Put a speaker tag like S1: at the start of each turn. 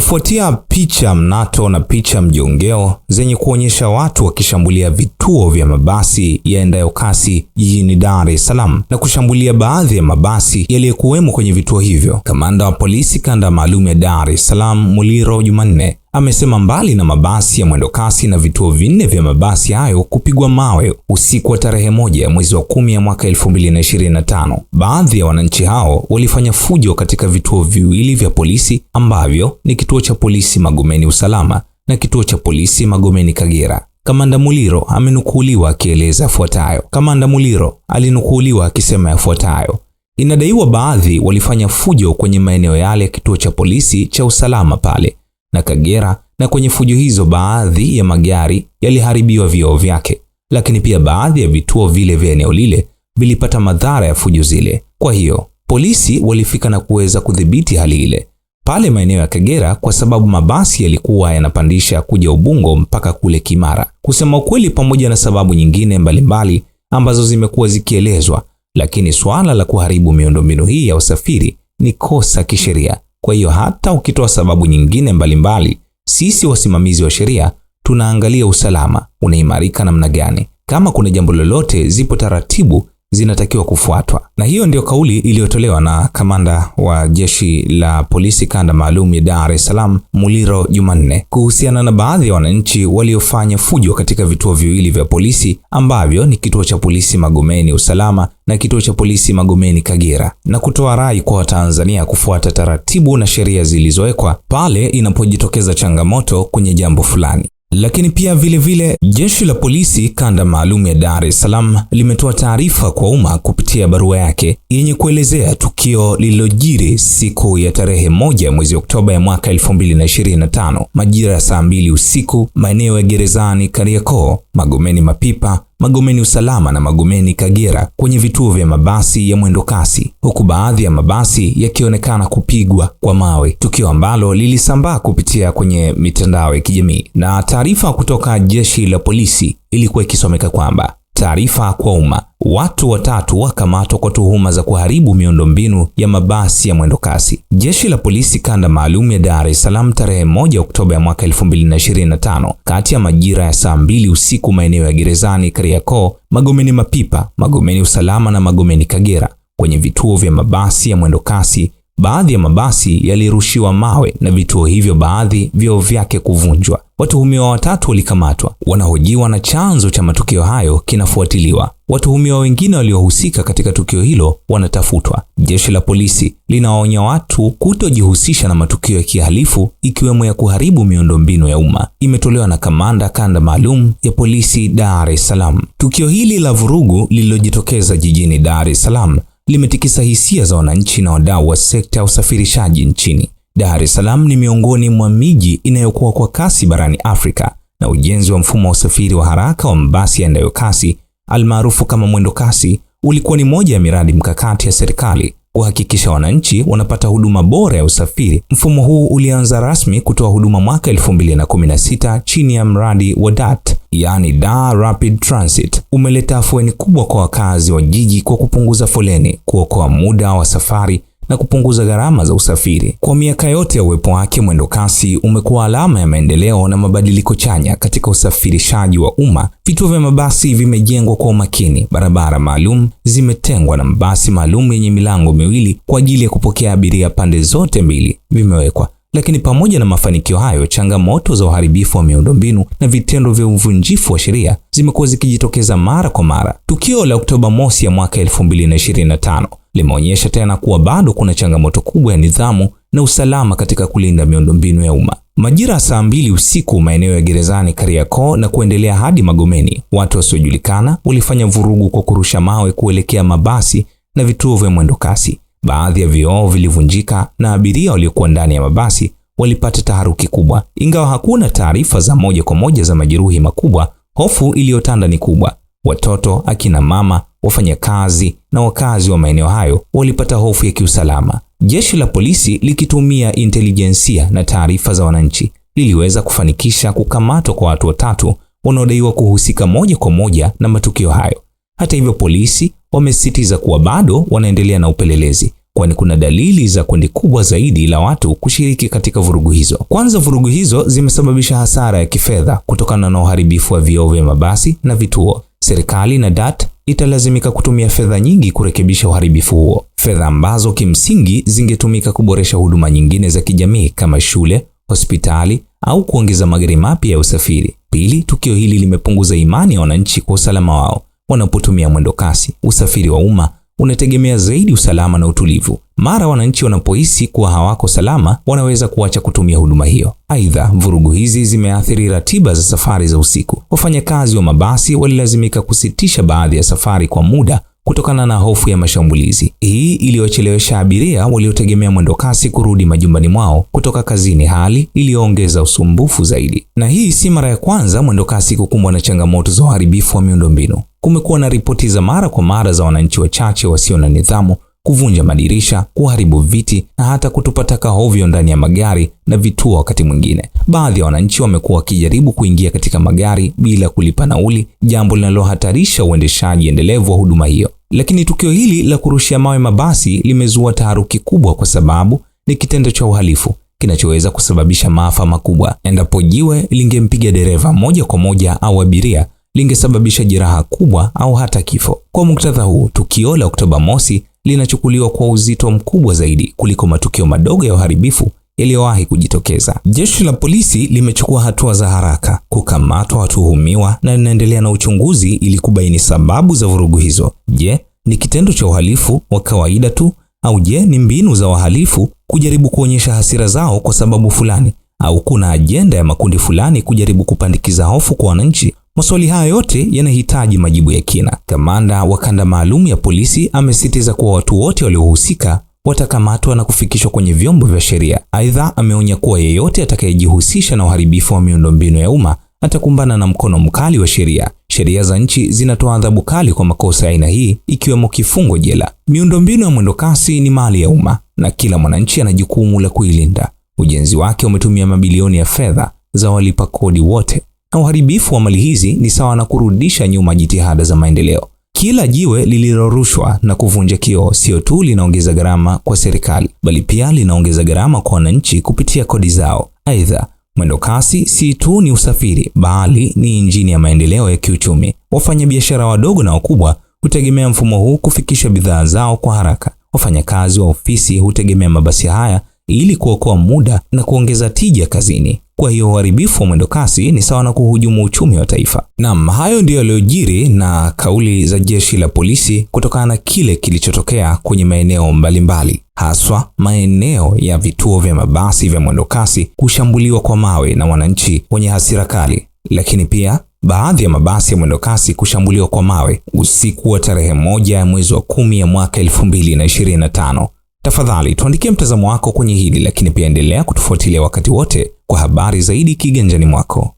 S1: Kufuatia picha mnato na picha mjongeo zenye kuonyesha watu wakishambulia vituo vya mabasi yaendayo kasi jijini Dar es Salaam na kushambulia baadhi ya mabasi yaliyokuwemo kwenye vituo hivyo, kamanda wa polisi kanda maalum ya Dar es Salaam Muliro Jumanne amesema mbali na mabasi ya mwendokasi na vituo vinne vya mabasi hayo kupigwa mawe usiku wa tarehe moja ya mwezi wa kumi ya mwaka 2025, baadhi ya wananchi hao walifanya fujo katika vituo viwili vya polisi ambavyo ni kituo cha polisi Magomeni Usalama na kituo cha polisi Magomeni Kagera. Kamanda Muliro amenukuuliwa akieleza yafuatayo. Kamanda Muliro alinukuliwa akisema yafuatayo: Inadaiwa baadhi walifanya fujo kwenye maeneo yale ya kituo cha polisi cha usalama pale na Kagera, na kwenye fujo hizo baadhi ya magari yaliharibiwa vioo vyake, lakini pia baadhi ya vituo vile vya eneo lile vilipata madhara ya fujo zile. Kwa hiyo polisi walifika na kuweza kudhibiti hali ile pale maeneo ya Kagera kwa sababu mabasi yalikuwa yanapandisha kuja Ubungo mpaka kule Kimara. Kusema ukweli, pamoja na sababu nyingine mbalimbali mbali ambazo zimekuwa zikielezwa, lakini swala la kuharibu miundombinu hii ya usafiri ni kosa kisheria kwa hiyo hata ukitoa sababu nyingine mbalimbali mbali, sisi wasimamizi wa sheria tunaangalia usalama unaimarika namna gani. Kama kuna jambo lolote, zipo taratibu zinatakiwa kufuatwa, na hiyo ndio kauli iliyotolewa na kamanda wa jeshi la polisi kanda maalum ya Dar es Salaam Muliro Jumanne kuhusiana na baadhi ya wananchi waliofanya fujo katika vituo viwili vya polisi ambavyo ni kituo cha polisi Magomeni Usalama na kituo cha polisi Magomeni Kagera, na kutoa rai kwa Watanzania kufuata taratibu na sheria zilizowekwa pale inapojitokeza changamoto kwenye jambo fulani. Lakini pia vilevile jeshi la polisi kanda maalum ya Dar es Salaam limetoa taarifa kwa umma kupitia barua yake yenye kuelezea tukio lililojiri siku ya tarehe moja mwezi Oktoba ya mwaka 2025 majira ya saa mbili usiku maeneo ya Gerezani, Kariakoo, Magomeni Mapipa Magomeni Usalama na Magomeni Kagera kwenye vituo vya mabasi ya mwendokasi, huku baadhi ya mabasi yakionekana kupigwa kwa mawe, tukio ambalo lilisambaa kupitia kwenye mitandao ya kijamii. Na taarifa kutoka jeshi la polisi ilikuwa ikisomeka kwamba Taarifa kwa umma: watu watatu wakamatwa kwa tuhuma za kuharibu miundombinu ya mabasi ya mwendokasi. Jeshi la polisi kanda maalum ya Dar es Salaam tarehe 1 Oktoba ya mwaka 2025 kati ya majira ya saa mbili usiku maeneo ya Gerezani, Kariakoo, Magomeni, Mapipa, Magomeni Usalama na Magomeni Kagera kwenye vituo vya mabasi ya mwendokasi Baadhi ya mabasi yalirushiwa mawe na vituo hivyo, baadhi vyoo vyake kuvunjwa. Watuhumiwa watatu walikamatwa, wanahojiwa na chanzo cha matukio hayo kinafuatiliwa. Watuhumiwa wengine waliohusika katika tukio hilo wanatafutwa. Jeshi la polisi linawaonya watu kutojihusisha na matukio ya kihalifu ikiwemo ya kuharibu miundombinu ya umma. Imetolewa na kamanda kanda maalum ya polisi Dar es Salaam. Tukio hili la vurugu lililojitokeza jijini Dar es Salaam limetikisa hisia za wananchi na wadau wa sekta ya usafirishaji nchini. Dar es Salaam ni miongoni mwa miji inayokuwa kwa kasi barani Afrika, na ujenzi wa mfumo wa usafiri wa haraka wa mabasi yaendayo kasi almaarufu kama mwendo kasi ulikuwa ni moja ya miradi mkakati ya serikali kuhakikisha wananchi wanapata huduma bora ya usafiri. Mfumo huu ulianza rasmi kutoa huduma mwaka 2016 chini ya mradi wa DART, yani Dar Rapid Transit. Umeleta afueni kubwa kwa wakazi wa jiji kwa kupunguza foleni, kuokoa muda wa safari na kupunguza gharama za usafiri. Kwa miaka yote ya uwepo wake, mwendo kasi umekuwa alama ya maendeleo na mabadiliko chanya katika usafirishaji wa umma. Vituo vya mabasi vimejengwa kwa umakini, barabara maalum zimetengwa na mabasi maalum yenye milango miwili kwa ajili ya kupokea abiria pande zote mbili vimewekwa. Lakini pamoja na mafanikio hayo, changamoto za uharibifu wa miundombinu na vitendo vya uvunjifu wa sheria zimekuwa zikijitokeza mara kwa mara. Tukio la Oktoba mosi ya mwaka 2025 limeonyesha tena kuwa bado kuna changamoto kubwa ya nidhamu na usalama katika kulinda miundombinu ya umma. Majira ya saa mbili usiku maeneo ya gerezani Kariakoo na kuendelea hadi Magomeni, watu wasiojulikana walifanya vurugu kwa kurusha mawe kuelekea mabasi na vituo vya mwendokasi. Baadhi ya vioo vilivunjika na abiria waliokuwa ndani ya mabasi walipata taharuki kubwa. Ingawa hakuna taarifa za moja kwa moja za majeruhi makubwa, hofu iliyotanda ni kubwa. Watoto, akina mama, wafanyakazi na wakazi wa maeneo hayo walipata hofu ya kiusalama. Jeshi la polisi likitumia intelijensia na taarifa za wananchi liliweza kufanikisha kukamatwa kwa watu watatu wanaodaiwa kuhusika moja kwa moja na matukio hayo. Hata hivyo, polisi wamesisitiza kuwa bado wanaendelea na upelelezi, kwani kuna dalili za kundi kubwa zaidi la watu kushiriki katika vurugu hizo. Kwanza, vurugu hizo zimesababisha hasara ya kifedha kutokana na uharibifu wa vioo vya mabasi na vituo serikali na DART italazimika kutumia fedha nyingi kurekebisha uharibifu huo, fedha ambazo kimsingi zingetumika kuboresha huduma nyingine za kijamii kama shule, hospitali au kuongeza magari mapya ya usafiri. Pili, tukio hili limepunguza imani ya wananchi kwa usalama wao wanapotumia mwendo kasi. Usafiri wa umma unategemea zaidi usalama na utulivu mara wananchi wanapohisi kuwa hawako salama, wanaweza kuacha kutumia huduma hiyo. Aidha, vurugu hizi zimeathiri ratiba za safari za usiku. Wafanyakazi wa mabasi walilazimika kusitisha baadhi ya safari kwa muda kutokana na hofu ya mashambulizi. Hii iliwachelewesha abiria waliotegemea mwendokasi kurudi majumbani mwao kutoka kazini, hali iliyoongeza usumbufu zaidi. Na hii si mara ya kwanza mwendokasi kukumbwa na changamoto za uharibifu wa miundombinu. Kumekuwa na ripoti za mara kwa mara za wananchi wachache wasio na nidhamu kuvunja madirisha, kuharibu viti na hata kutupa taka hovyo ndani ya magari na vituo. Wakati mwingine, baadhi ya wananchi wamekuwa wakijaribu kuingia katika magari bila kulipa nauli, jambo linalohatarisha uendeshaji endelevu wa huduma hiyo. Lakini tukio hili la kurushia mawe mabasi limezua taharuki kubwa, kwa sababu ni kitendo cha uhalifu kinachoweza kusababisha maafa makubwa. Endapo jiwe lingempiga dereva moja kwa moja au abiria lingesababisha jeraha kubwa au hata kifo. Kwa muktadha huu, tukio la Oktoba Mosi linachukuliwa kwa uzito mkubwa zaidi kuliko matukio madogo ya uharibifu yaliyowahi kujitokeza. Jeshi la polisi limechukua hatua za haraka kukamatwa watuhumiwa na linaendelea na uchunguzi ili kubaini sababu za vurugu hizo. Je, ni kitendo cha uhalifu wa kawaida tu au je, ni mbinu za wahalifu kujaribu kuonyesha hasira zao kwa sababu fulani au kuna ajenda ya makundi fulani kujaribu kupandikiza hofu kwa wananchi Maswali haya yote yanahitaji majibu ya kina. Kamanda wa kanda maalum ya polisi amesisitiza kuwa watu wote waliohusika watakamatwa na kufikishwa kwenye vyombo vya sheria. Aidha, ameonya kuwa yeyote atakayejihusisha na uharibifu wa miundombinu ya umma atakumbana na mkono mkali wa sheria. Sheria za nchi zinatoa adhabu kali kwa makosa ya aina hii, ikiwemo kifungo jela. Miundombinu ya mwendokasi ni mali ya umma na kila mwananchi ana jukumu la kuilinda. Ujenzi wake umetumia mabilioni ya fedha za walipa kodi wote na uharibifu wa mali hizi ni sawa na kurudisha nyuma jitihada za maendeleo. Kila jiwe lililorushwa na kuvunja kioo sio tu linaongeza gharama kwa serikali, bali pia linaongeza gharama kwa wananchi kupitia kodi zao. Aidha, mwendo kasi si tu ni usafiri, bali ni injini ya maendeleo ya kiuchumi. Wafanyabiashara wadogo na wakubwa hutegemea mfumo huu kufikisha bidhaa zao kwa haraka. Wafanyakazi wa ofisi hutegemea mabasi haya ili kuokoa muda na kuongeza tija kazini. Kwa hiyo uharibifu wa mwendokasi ni sawa na kuhujumu uchumi wa taifa. Naam, hayo ndiyo yaliyojiri na kauli za jeshi la polisi kutokana na kile kilichotokea kwenye maeneo mbalimbali, haswa maeneo ya vituo vya mabasi vya mwendokasi kushambuliwa kwa mawe na wananchi wenye hasira kali, lakini pia baadhi ya mabasi ya mwendokasi kushambuliwa kwa mawe usiku wa tarehe moja ya mwezi wa kumi ya mwaka 2025. Tafadhali tuandikie mtazamo wako kwenye hili, lakini pia endelea kutufuatilia wakati wote kwa habari zaidi kiganjani mwako.